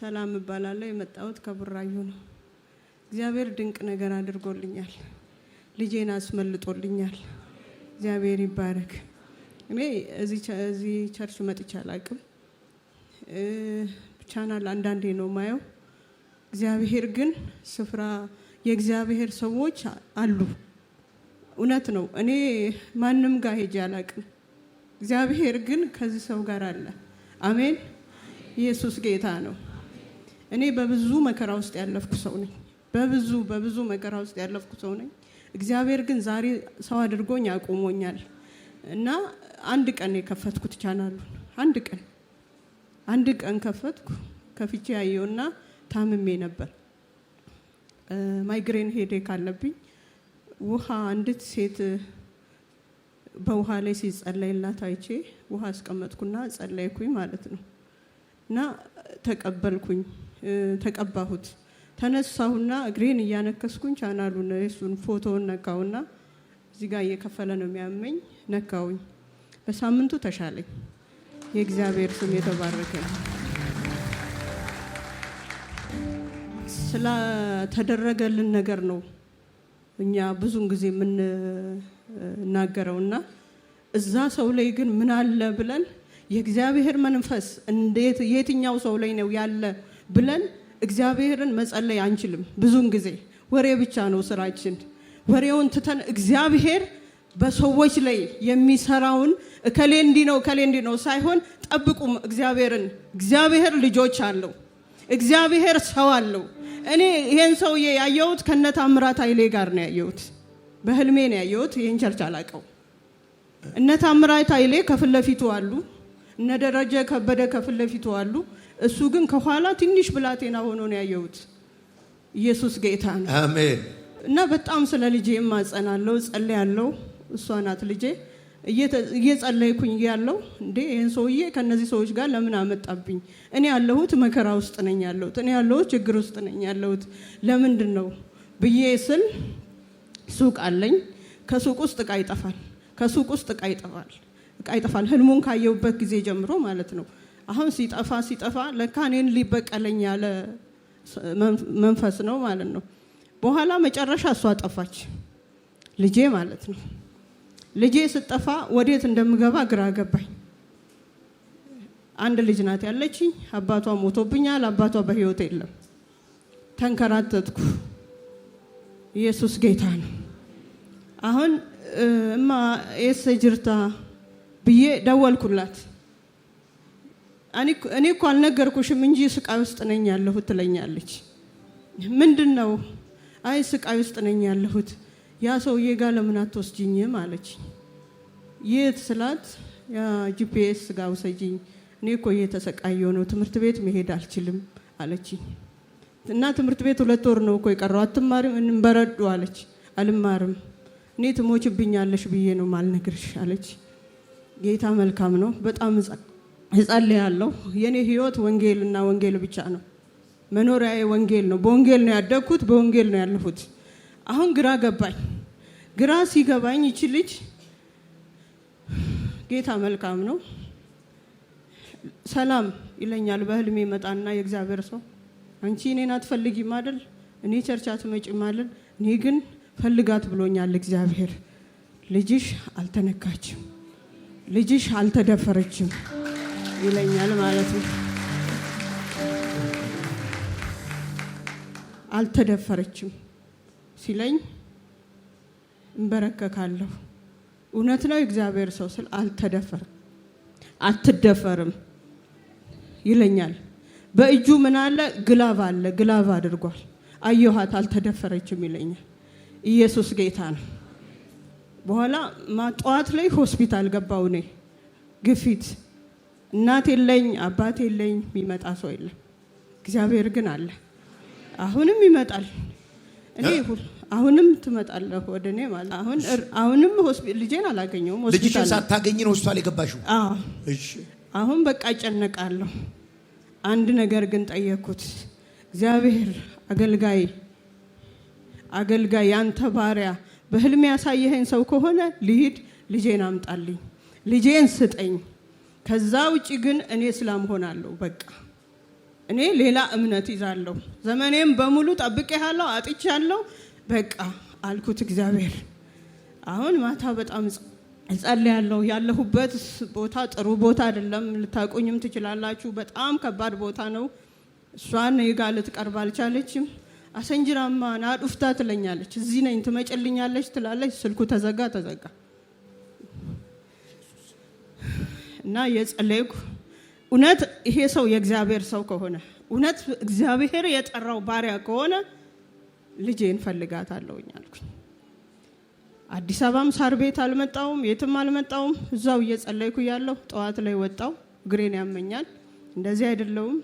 ሰላም እባላለሁ። የመጣሁት ከቡራዩ ነው። እግዚአብሔር ድንቅ ነገር አድርጎልኛል። ልጄን አስመልጦልኛል። እግዚአብሔር ይባረክ። እኔ እዚህ ቸርች መጥቼ አላቅም። ቻናል አንዳንዴ ነው ማየው። እግዚአብሔር ግን ስፍራ የእግዚአብሔር ሰዎች አሉ። እውነት ነው። እኔ ማንም ጋር ሄጄ አላቅም። እግዚአብሔር ግን ከዚህ ሰው ጋር አለ። አሜን። ኢየሱስ ጌታ ነው። እኔ በብዙ መከራ ውስጥ ያለፍኩ ሰው ነኝ። በብዙ በብዙ መከራ ውስጥ ያለፍኩ ሰው ነኝ። እግዚአብሔር ግን ዛሬ ሰው አድርጎኝ አቁሞኛል እና አንድ ቀን የከፈትኩት ቻናሉን አንድ ቀን አንድ ቀን ከፈትኩ ከፍቼ ያየውና ታምሜ ነበር። ማይግሬን ሄዴ ካለብኝ ውሃ አንዲት ሴት በውሃ ላይ ሲጸለይላት አይቼ ውሃ አስቀመጥኩና ጸለይኩኝ ማለት ነው እና ተቀበልኩኝ። ተቀባሁት። ተነሳሁና እግሬን እያነከስኩኝ ቻናሉ እሱን ፎቶውን ነካውና እዚህ ጋር እየከፈለ ነው የሚያመኝ ነካውኝ። በሳምንቱ ተሻለኝ። የእግዚአብሔር ስም የተባረከ ነው። ስለተደረገልን ነገር ነው እኛ ብዙን ጊዜ የምንናገረውና እዛ ሰው ላይ ግን ምን አለ ብለን የእግዚአብሔር መንፈስ እንዴት የትኛው ሰው ላይ ነው ያለ ብለን እግዚአብሔርን መጸለይ አንችልም። ብዙን ጊዜ ወሬ ብቻ ነው ስራችን። ወሬውን ትተን እግዚአብሔር በሰዎች ላይ የሚሰራውን እከሌ እንዲ ነው እከሌ እንዲ ነው ሳይሆን ጠብቁም እግዚአብሔርን። እግዚአብሔር ልጆች አለው። እግዚአብሔር ሰው አለው። እኔ ይሄን ሰውዬ ያየሁት አምራት ኃይሌ ጋር ነው ያየሁት። በህልሜ ነው ያየሁት። ይህን ቸርች አላቀው። እነ ታምራት ኃይሌ ከፍለፊቱ አሉ። እነ ደረጀ ከበደ ከፍለፊቱ አሉ። እሱ ግን ከኋላ ትንሽ ብላቴና ሆኖ ነው ያየሁት። ኢየሱስ ጌታ ነው። አሜን። እና በጣም ስለ ልጄ የማጸናለው ጸልያለሁ። እሷ ናት ልጄ። እየጸለይኩኝ ያለው እንዴ ይህን ሰውዬ ከነዚህ ሰዎች ጋር ለምን አመጣብኝ? እኔ ያለሁት መከራ ውስጥ ነኝ ያለሁት፣ እኔ ያለሁት ችግር ውስጥ ነኝ ያለሁት ለምንድን ነው ብዬ ስል ሱቅ አለኝ። ከሱቅ ውስጥ እቃ ይጠፋል፣ ከሱቅ ውስጥ እቃ ይጠፋል፣ እቃ ይጠፋል። ህልሙን ካየሁበት ጊዜ ጀምሮ ማለት ነው አሁን ሲጠፋ ሲጠፋ ለካ እኔን ሊበቀለኝ ያለ መንፈስ ነው ማለት ነው። በኋላ መጨረሻ እሷ ጠፋች፣ ልጄ ማለት ነው። ልጄ ስጠፋ ወዴት እንደምገባ ግራ ገባኝ። አንድ ልጅ ናት ያለችኝ። አባቷ ሞቶብኛል። አባቷ በህይወት የለም። ተንከራተትኩ። ኢየሱስ ጌታ ነው። አሁን እማ የሰጅርታ ብዬ ደወልኩላት። እኔ እኮ አልነገርኩሽም እንጂ ስቃይ ውስጥ ነኝ ያለሁት ትለኛለች። ምንድን ነው? አይ ስቃይ ውስጥ ነኝ ያለሁት ያ ሰውዬ ጋር ለምን አትወስጂኝም አለች። የት ስላት ጂፒኤስ ጋር ውሰጂኝ፣ እኔ እኮ እየተሰቃየሁ ነው፣ ትምህርት ቤት መሄድ አልችልም አለች። እና ትምህርት ቤት ሁለት ወር ነው እኮ የቀረው አትማሪም? እንበረዱ አለች። አልማርም፣ እኔ ትሞችብኛለሽ ብዬ ነው ማልነግርሽ አለች። ጌታ መልካም ነው በጣም እጸልያለሁ። የኔ ህይወት ወንጌልና ወንጌል ብቻ ነው። መኖሪያዬ ወንጌል ነው። በወንጌል ነው ያደግኩት፣ በወንጌል ነው ያለሁት። አሁን ግራ ገባኝ። ግራ ሲገባኝ ይች ልጅ ጌታ መልካም ነው ሰላም ይለኛል። በህልሜ መጣና የእግዚአብሔር ሰው አንቺ እኔን አትፈልጊም አይደል? እኔ ቸርች አትመጭም አይደል? እኔ ግን ፈልጋት ብሎኛል እግዚአብሔር። ልጅሽ አልተነካችም፣ ልጅሽ አልተደፈረችም። ይለኛል ማለት ነው። አልተደፈረችም ሲለኝ እንበረከካለሁ። እውነት ነው እግዚአብሔር ሰው ስል አልተደፈርም፣ አትደፈርም ይለኛል። በእጁ ምን አለ? ግላቭ አለ፣ ግላቭ አድርጓል። አየኋት፣ አልተደፈረችም ይለኛል። ኢየሱስ ጌታ ነው። በኋላ ጠዋት ላይ ሆስፒታል ገባው እኔ ግፊት እናት የለኝ፣ አባት የለኝ፣ የሚመጣ ሰው የለም። እግዚአብሔር ግን አለ። አሁንም ይመጣል። እኔ አሁንም ትመጣለህ ወደ እኔ ማለት አሁንም ልጄን አላገኘውም። ልጅሽን ሳታገኝ ነው ሆስፒታል የገባሽው? አሁን በቃ እጨነቃለሁ። አንድ ነገር ግን ጠየኩት። እግዚአብሔር አገልጋይ አገልጋይ ያንተ ባሪያ በህልም ያሳየኸኝ ሰው ከሆነ ልሂድ፣ ልጄን አምጣልኝ፣ ልጄን ስጠኝ ከዛ ውጭ ግን እኔ እስላም ሆናለሁ። በቃ እኔ ሌላ እምነት ይዛለሁ። ዘመኔም በሙሉ ጠብቄያለሁ፣ አጥቻለሁ። በቃ አልኩት እግዚአብሔር። አሁን ማታ በጣም እጸልያለሁ። ያለሁበት ቦታ ጥሩ ቦታ አይደለም፣ ልታቆኝም ትችላላችሁ። በጣም ከባድ ቦታ ነው። እሷን ይጋ ልትቀርብ አልቻለችም። አሰንጅራማ ናዱፍታ ትለኛለች። እዚህ ነኝ ትመጭልኛለች ትላለች። ስልኩ ተዘጋ ተዘጋ እና የጸለይኩ እውነት ይሄ ሰው የእግዚአብሔር ሰው ከሆነ እውነት እግዚአብሔር የጠራው ባሪያ ከሆነ ልጄ እንፈልጋታለሁኝ አልኩኝ። አዲስ አበባም ሳር ቤት አልመጣውም፣ የትም አልመጣውም። እዛው እየጸለይኩ ያለው ጠዋት ላይ ወጣው። እግሬን ያመኛል። እንደዚህ አይደለውም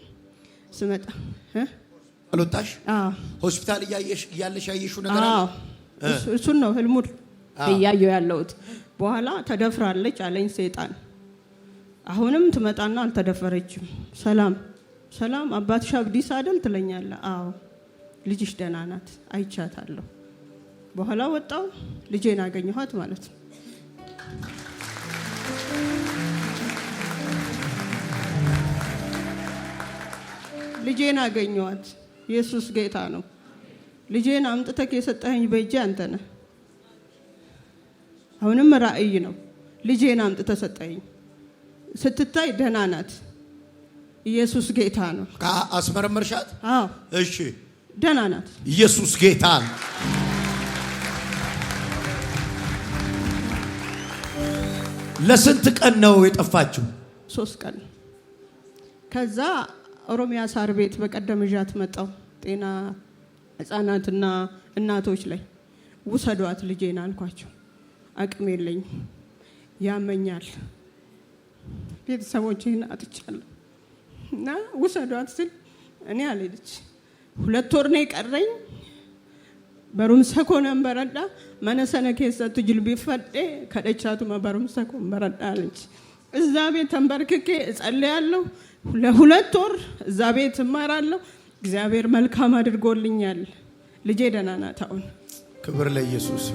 ስመጣ አልወጣሽ ሆስፒታል እያለሽ ያየሹ ነገር እሱን ነው ህልሙድ እያየው ያለሁት። በኋላ ተደፍራለች አለኝ ሴጣን አሁንም ትመጣና አልተደፈረችም። ሰላም ሰላም፣ አባትሽ አብዲስ አደል ትለኛለ። አዎ ልጅሽ ደህና ናት አይቻታለሁ። በኋላ ወጣው ልጄን አገኘኋት ማለት ነው። ልጄን አገኘኋት። ኢየሱስ ጌታ ነው። ልጄን አምጥተክ የሰጠኸኝ በእጄ አንተ ነህ። አሁንም ራእይ ነው። ልጄን አምጥተ ሰጠኝ። ስትታይ ደህና ናት። ኢየሱስ ጌታ ነው። አስመረመርሻት? እሺ፣ ደህና ናት። ኢየሱስ ጌታ ነው። ለስንት ቀን ነው የጠፋችው? ሶስት ቀን። ከዛ ኦሮሚያ ሳር ቤት በቀደም እዣት መጣው ጤና ህፃናትና እናቶች ላይ ውሰዷት ልጄን አልኳቸው። አቅም የለኝ ያመኛል ቤተሰቦችህን አጥቻለሁ እና ውሰዷት ስል እኔ አልሄደች። ሁለት ወር ነው የቀረኝ። በሩምሰ ኮነን መነሰነ ኬሰቱ ጅልቢ ፈዴ ከደቻቱ በሩምሰ ኮን አለች። እዛ ቤት ተንበርክኬ እጸልያለሁ። ለሁለት ወር እዛ ቤት እማራለሁ። እግዚአብሔር መልካም አድርጎልኛል። ልጄ ደህና ናት አሁን። ክብር ለኢየሱስ።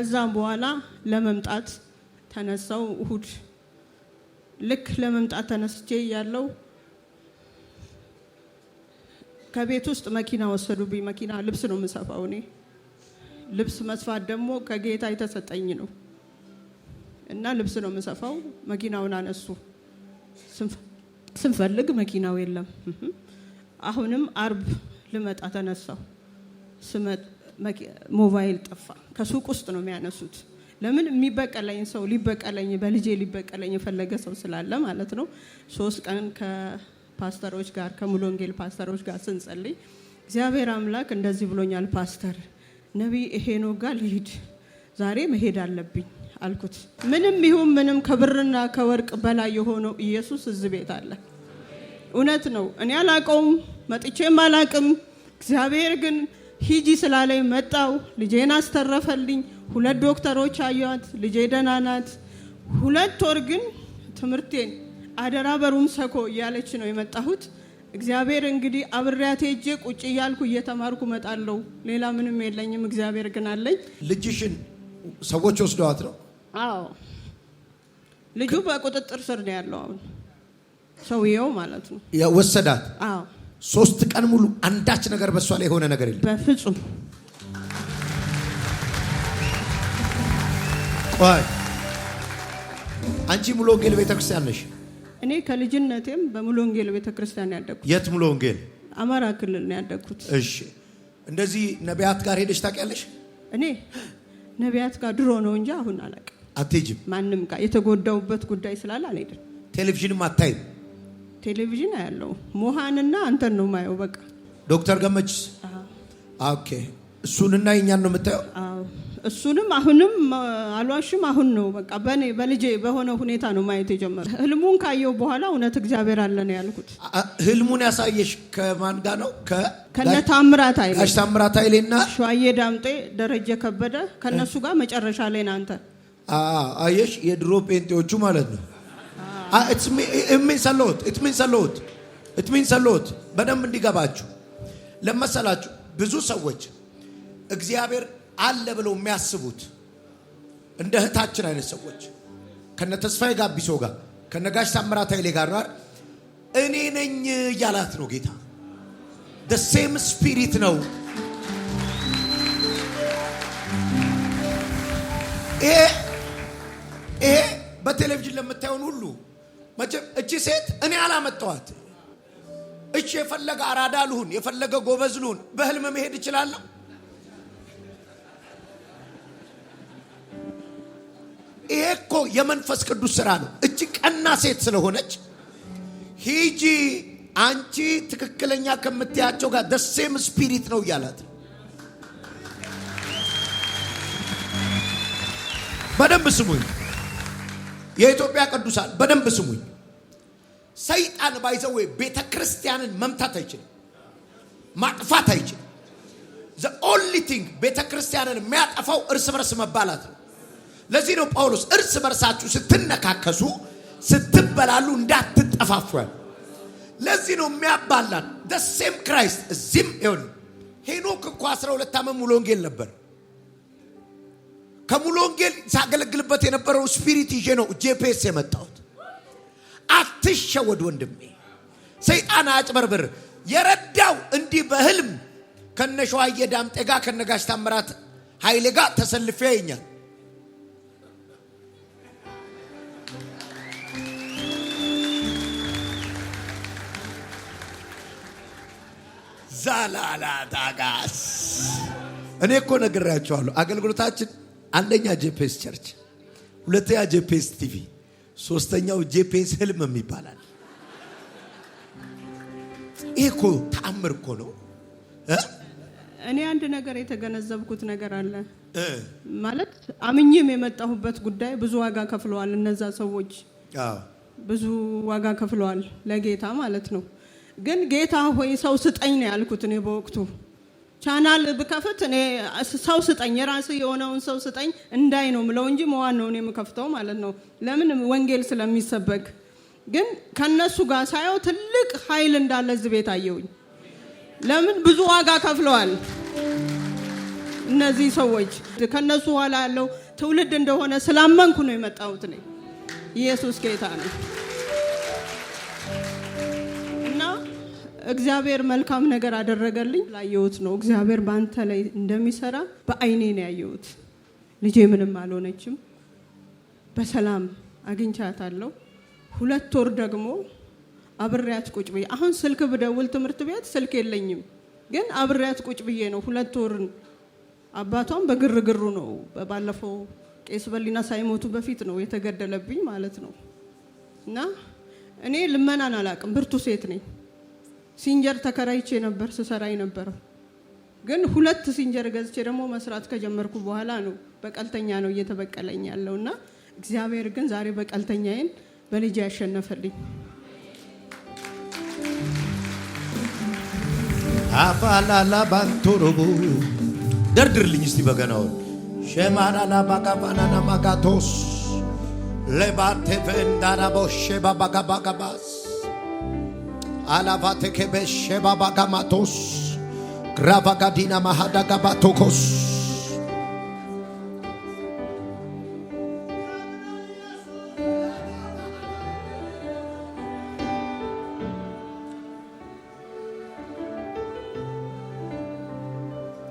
ከዛም በኋላ ለመምጣት ተነሳው እሁድ ልክ ለመምጣት ተነስቼ ያለው ከቤት ውስጥ መኪና ወሰዱብኝ። መኪና ልብስ ነው የምሰፋው እኔ። ልብስ መስፋት ደግሞ ከጌታ የተሰጠኝ ነው እና ልብስ ነው የምሰፋው። መኪናውን አነሱ። ስንፈልግ መኪናው የለም። አሁንም አርብ ልመጣ ተነሳው ስመጥ ሞባይል ጠፋ። ከሱቅ ውስጥ ነው የሚያነሱት። ለምን የሚበቀለኝ ሰው ሊበቀለኝ በልጄ ሊበቀለኝ የፈለገ ሰው ስላለ ማለት ነው። ሶስት ቀን ከፓስተሮች ጋር ከሙሉ ወንጌል ፓስተሮች ጋር ስንጸልይ እግዚአብሔር አምላክ እንደዚህ ብሎኛል፣ ፓስተር ነቢይ ሄኖክ ጋር ልሂድ ዛሬ መሄድ አለብኝ አልኩት። ምንም ይሁን ምንም ከብርና ከወርቅ በላይ የሆነው ኢየሱስ እዚህ ቤት አለ። እውነት ነው። እኔ አላቀውም፣ መጥቼም አላቅም። እግዚአብሔር ግን ሂጂ ስላለኝ መጣው። ልጄን አስተረፈልኝ። ሁለት ዶክተሮች አዩት። ልጄ ደህና ናት። ሁለት ወር ግን ትምህርቴን አደራ በሩም ሰኮ እያለች ነው የመጣሁት። እግዚአብሔር እንግዲህ አብሬያት ሄጄ ቁጭ እያልኩ እየተማርኩ መጣለው። ሌላ ምንም የለኝም፣ እግዚአብሔር ግን አለኝ። ልጅሽን ሰዎች ወስደዋት ነው? አዎ፣ ልጁ በቁጥጥር ስር ነው ያለው አሁን፣ ሰውየው ማለት ነው ወሰዳት። አዎ ሶስት ቀን ሙሉ አንዳች ነገር በእሷ ላይ የሆነ ነገር የለም በፍጹም። አንቺ ሙሉ ወንጌል ቤተክርስቲያን ነሽ? እኔ ከልጅነቴም በሙሉ ወንጌል ቤተክርስቲያን ያደግኩት። የት ሙሉ ወንጌል? አማራ ክልል ነው ያደግኩት። እሺ፣ እንደዚህ ነቢያት ጋር ሄደሽ ታውቂያለሽ? እኔ ነቢያት ጋር ድሮ ነው እንጂ አሁን አላውቅም። አትሄጂም? ማንም ጋር የተጎዳውበት ጉዳይ ስላለ አልሄድም። ቴሌቪዥንም አታይም? ቴሌቪዥን አያለው። ሞሃንና አንተን ነው ማየው። በቃ ዶክተር ገመች ኦኬ። እሱንና የኛን ነው የምታየው? እሱንም አሁንም አልዋሽም። አሁን ነው በቃ በኔ በልጄ በሆነ ሁኔታ ነው ማየት የጀመረ። ህልሙን ካየው በኋላ እውነት እግዚአብሔር አለ ነው ያልኩት። ህልሙን ያሳየሽ ከማን ጋር ነው? ከነ ታምራት ኃይሌ ጋሽ ታምራት ኃይሌ እና ሸዋዬ ዳምጤ፣ ደረጀ ከበደ ከነሱ ጋር መጨረሻ ላይ ናንተ አየሽ፣ የድሮ ጴንጤዎቹ ማለት ነው ሚንሰሎት ሚንሰሎት ሚንሰሎት በደንብ እንዲገባችሁ ለመሰላችሁ ብዙ ሰዎች እግዚአብሔር አለ ብለው የሚያስቡት እንደ እህታችን አይነት ሰዎች ከነ ተስፋዬ ጋቢሶ ጋር ከነ ጋሽ ታምራት ኃይሌ ጋር እኔ ነኝ እያላት ነው ጌታ። ሴም ስፒሪት ነው። ይሄ በቴሌቪዥን ለምታየውን ሁሉ መቼም እቺ ሴት እኔ አላመጣኋት። እቺ የፈለገ አራዳ ልሁን፣ የፈለገ ጎበዝ ልሁን፣ በህልም መሄድ እችላለሁ። ይሄ እኮ የመንፈስ ቅዱስ ስራ ነው። እቺ ቀና ሴት ስለሆነች ሂጂ አንቺ ትክክለኛ ከምትያቸው ጋር ደሴም ስፒሪት ነው እያላት በደንብ ስሙኝ፣ የኢትዮጵያ ቅዱሳን በደንብ ስሙኝ። ሰይጣን ባይዘው ቤተ ክርስቲያንን መምታት አይችልም፣ ማጥፋት አይችልም። ዘ ኦንሊ ቲንግ ቤተ ክርስቲያንን የሚያጠፋው እርስ በርስ መባላት ነው። ለዚህ ነው ጳውሎስ እርስ በርሳችሁ ስትነካከሱ፣ ስትበላሉ እንዳትጠፋፉ ለዚህ ነው የሚያባላን ደሴም ክራይስት እዚህም ይሆን ሄኖክ እኮ 12 ዓመት ሙሉ ወንጌል ነበር። ከሙሉ ወንጌል ሳገለግልበት የነበረው ስፒሪት ይዤ ነው ጄፒኤስ የመጣው አትሸወድ ወንድሜ። ሰይጣን አጭበርብር የረዳው እንዲህ በህልም ከነሸዋዬ ዳምጤ ጋር ከነጋሽ ታምራት ኃይሌ ጋር ተሰልፌ ያየኛል። ዛላላ ዳጋስ እኔ እኮ ነግራችኋለሁ። አገልግሎታችን አንደኛ ጄፔስ ቸርች፣ ሁለተኛ ጄፔስ ቲቪ ሶስተኛው ጄፒኤስ ህልምም ይባላል። ኤኮ እኮ ተአምር እኮ ነው። እኔ አንድ ነገር የተገነዘብኩት ነገር አለ ማለት አምኜም የመጣሁበት ጉዳይ ብዙ ዋጋ ከፍለዋል። እነዛ ሰዎች ብዙ ዋጋ ከፍለዋል ለጌታ ማለት ነው። ግን ጌታ ሆይ ሰው ስጠኝ ነው ያልኩት እኔ በወቅቱ ቻናል ብከፍት እኔ ሰው ስጠኝ የራስ የሆነውን ሰው ስጠኝ እንዳይ ነው ምለው እንጂ መዋን ነው የምከፍተው ማለት ነው። ለምን ወንጌል ስለሚሰበክ። ግን ከነሱ ጋር ሳየው ትልቅ ኃይል እንዳለ እዚህ ቤት አየውኝ። ለምን ብዙ ዋጋ ከፍለዋል እነዚህ ሰዎች። ከነሱ ኋላ ያለው ትውልድ እንደሆነ ስላመንኩ ነው የመጣሁት። እኔ ኢየሱስ ጌታ ነው። እግዚአብሔር መልካም ነገር አደረገልኝ ላየሁት ነው። እግዚአብሔር በአንተ ላይ እንደሚሰራ በአይኔ ነው ያየሁት። ልጄ ምንም አልሆነችም፣ በሰላም አግኝቻታለሁ። ሁለት ወር ደግሞ አብሬያት ቁጭ ብዬ አሁን ስልክ ብደውል ትምህርት ቤት ስልክ የለኝም፣ ግን አብሬያት ቁጭ ብዬ ነው ሁለት ወር አባቷም በግርግሩ ነው። ባለፈው ቄስ በሊና ሳይሞቱ በፊት ነው የተገደለብኝ ማለት ነው። እና እኔ ልመናን አላውቅም፣ ብርቱ ሴት ነኝ። ሲንጀር ተከራይቼ ነበር ስሰራ የነበረው። ግን ሁለት ሲንጀር ገዝቼ ደግሞ መስራት ከጀመርኩ በኋላ ነው በቀልተኛ ነው እየተበቀለኝ ያለው እና እግዚአብሔር ግን ዛሬ በቀልተኛዬን በልጅ ያሸነፈልኝ አፋላላ ባንቶሮቡ ደርድርልኝ እስቲ በገናውን ሸማላላ ባጋባናና ማጋቶስ ለባቴ ፈንዳራቦ አላቫቴኬ በሼባባጋማቶስ ግራቫጋዲና ማሃዳጋባቶኮስ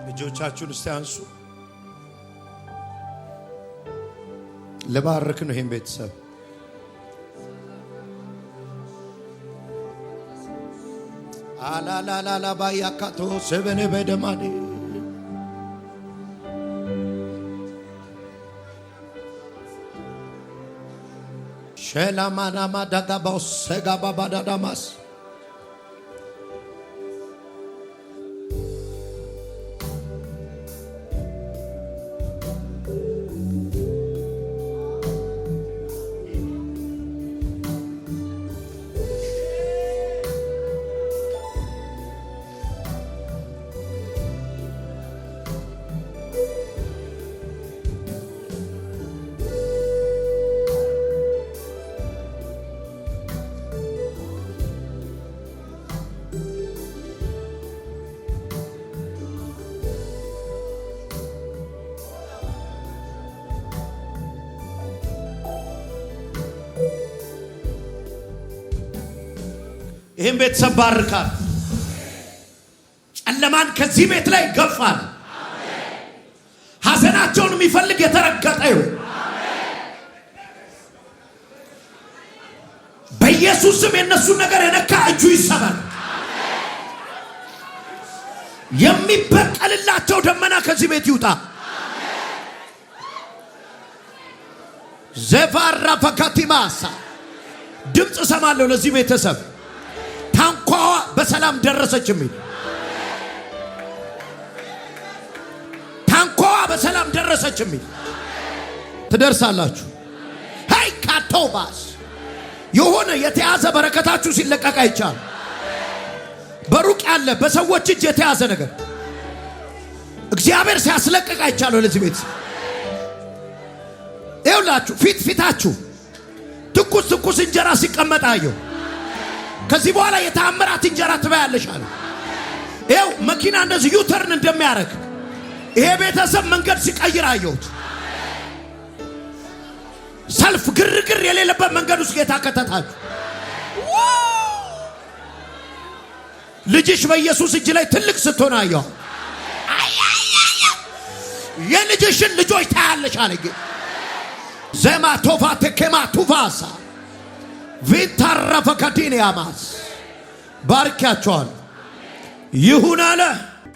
እጆቻችሁን እስቲ አንሱ። ልባርክ ነው ይህን ቤተሰብ ala ah, la la la baya kato eh, se vene vede mani. Shela mana madaga bos sega baba dadamas. Shela ይህም ቤተሰብ ባርካል። ጨለማን ከዚህ ቤት ላይ ይገፋል። ሐዘናቸውን የሚፈልግ የተረገጠ ይሁን በኢየሱስ ስም። የእነሱን ነገር የነካ እጁ ይሰበል። የሚበቀልላቸው ደመና ከዚህ ቤት ይውጣ። ዘፋራ ፈካቲማሳ ድምፅ እሰማለሁ ለዚህ ቤተሰብ ታንኳዋ በሰላም ደረሰች የሚል ታንኳዋ በሰላም ደረሰች የሚል ትደርሳላችሁ። ሀይ ካቶባስ የሆነ የተያዘ በረከታችሁ ሲለቀቅ አይቻል። በሩቅ ያለ በሰዎች እጅ የተያዘ ነገር እግዚአብሔር ሲያስለቀቅ አይቻለሁ። ለዚህ ቤት ይውላችሁ ፊት ፊታችሁ ትኩስ ትኩስ እንጀራ ሲቀመጥ አየሁ። ከዚህ በኋላ የተአምራት እንጀራ ትበያለሽ አለ። ይኸው መኪና እንደዚህ ዩተርን እንደሚያደርግ ይሄ ቤተሰብ መንገድ ሲቀይር አየሁት። ሰልፍ፣ ግርግር የሌለበት መንገድ ውስጥ ጌታ ከተታችሁ። ልጅሽ በኢየሱስ እጅ ላይ ትልቅ ስትሆን አየሁ። የልጅሽን ልጆች ታያለሽ አለ ዜማ ቶፋ ቴኬማ ቱፋሳ ቪታረፈ ከዲን ያማስ ባርኪያቸዋል ይሁን አለ